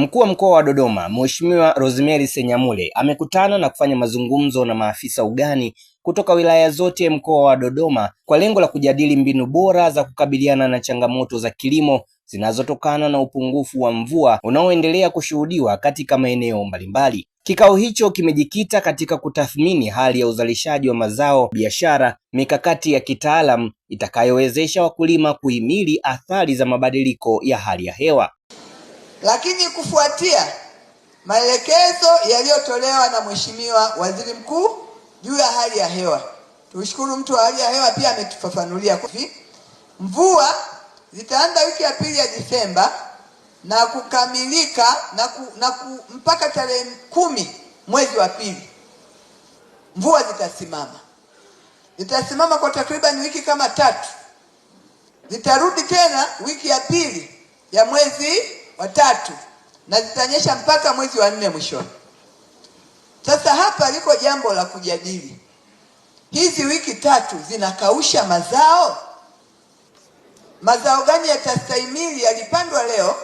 Mkuu wa mkoa wa Dodoma Mheshimiwa Rosemary Senyamule amekutana na kufanya mazungumzo na maafisa ugani kutoka wilaya zote mkoa wa Dodoma kwa lengo la kujadili mbinu bora za kukabiliana na changamoto za kilimo zinazotokana na upungufu wa mvua unaoendelea kushuhudiwa katika maeneo mbalimbali. Kikao hicho kimejikita katika kutathmini hali ya uzalishaji wa mazao biashara, mikakati ya kitaalamu itakayowezesha wakulima kuhimili athari za mabadiliko ya hali ya hewa. Lakini kufuatia maelekezo yaliyotolewa na Mheshimiwa Waziri Mkuu juu ya hali ya hewa, tushukuru mtu wa hali ya hewa pia ametufafanulia mvua zitaanza wiki ya pili ya Disemba na kukamilika na, ku, na ku, mpaka tarehe kumi mwezi wa pili mvua zitasimama, zitasimama kwa takriban wiki kama tatu, zitarudi tena wiki ya pili ya mwezi watatu na zitanyesha mpaka mwezi wa nne mwishoni. Sasa hapa liko jambo la kujadili, hizi wiki tatu zinakausha mazao? Mazao gani yatastahimili? Yalipandwa leo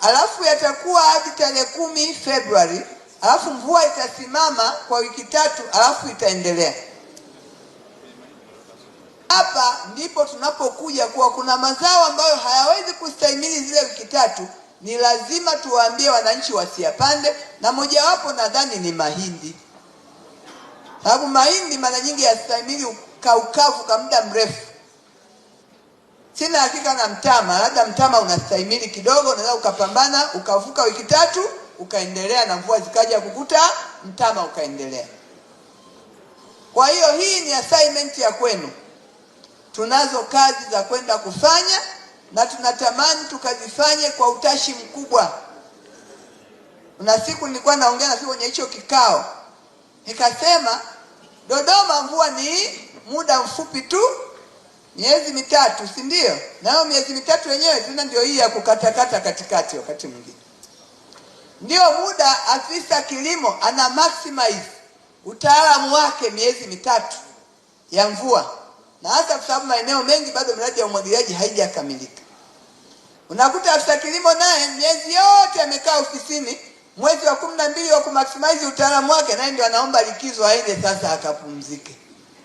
alafu yatakuwa hadi tarehe kumi Februari, alafu mvua itasimama kwa wiki tatu, alafu itaendelea. Hapa ndipo tunapokuja kuwa kuna mazao ambayo hayawezi kustahimili zile wiki tatu ni lazima tuwaambie wananchi wasiyapande, na mojawapo nadhani ni mahindi, sababu mahindi mara nyingi yastahimili kaukavu kwa muda mrefu. Sina hakika na mtama, labda mtama unastahimili kidogo, unaweza ukapambana ukavuka wiki tatu ukaendelea na mvua zikaja kukuta mtama ukaendelea. Kwa hiyo hii ni assignment ya kwenu, tunazo kazi za kwenda kufanya na tunatamani tukazifanye kwa utashi mkubwa. Na siku nilikuwa naongea na siku kwenye hicho kikao, nikasema Dodoma mvua ni muda mfupi tu, miezi mitatu, si ndio? Nayo miezi mitatu yenyewe tena ndio hii ya kukatakata katikati, wakati mwingine ndio muda afisa kilimo ana maximize utaalamu wake, miezi mitatu ya mvua na hasa kwa sababu maeneo mengi bado miradi ya umwagiliaji haijakamilika. Unakuta afisa kilimo naye miezi yote amekaa ofisini, mwezi wa kumi na mbili wa kumaximize utaalamu wake, naye ndio anaomba likizo aende sasa akapumzike.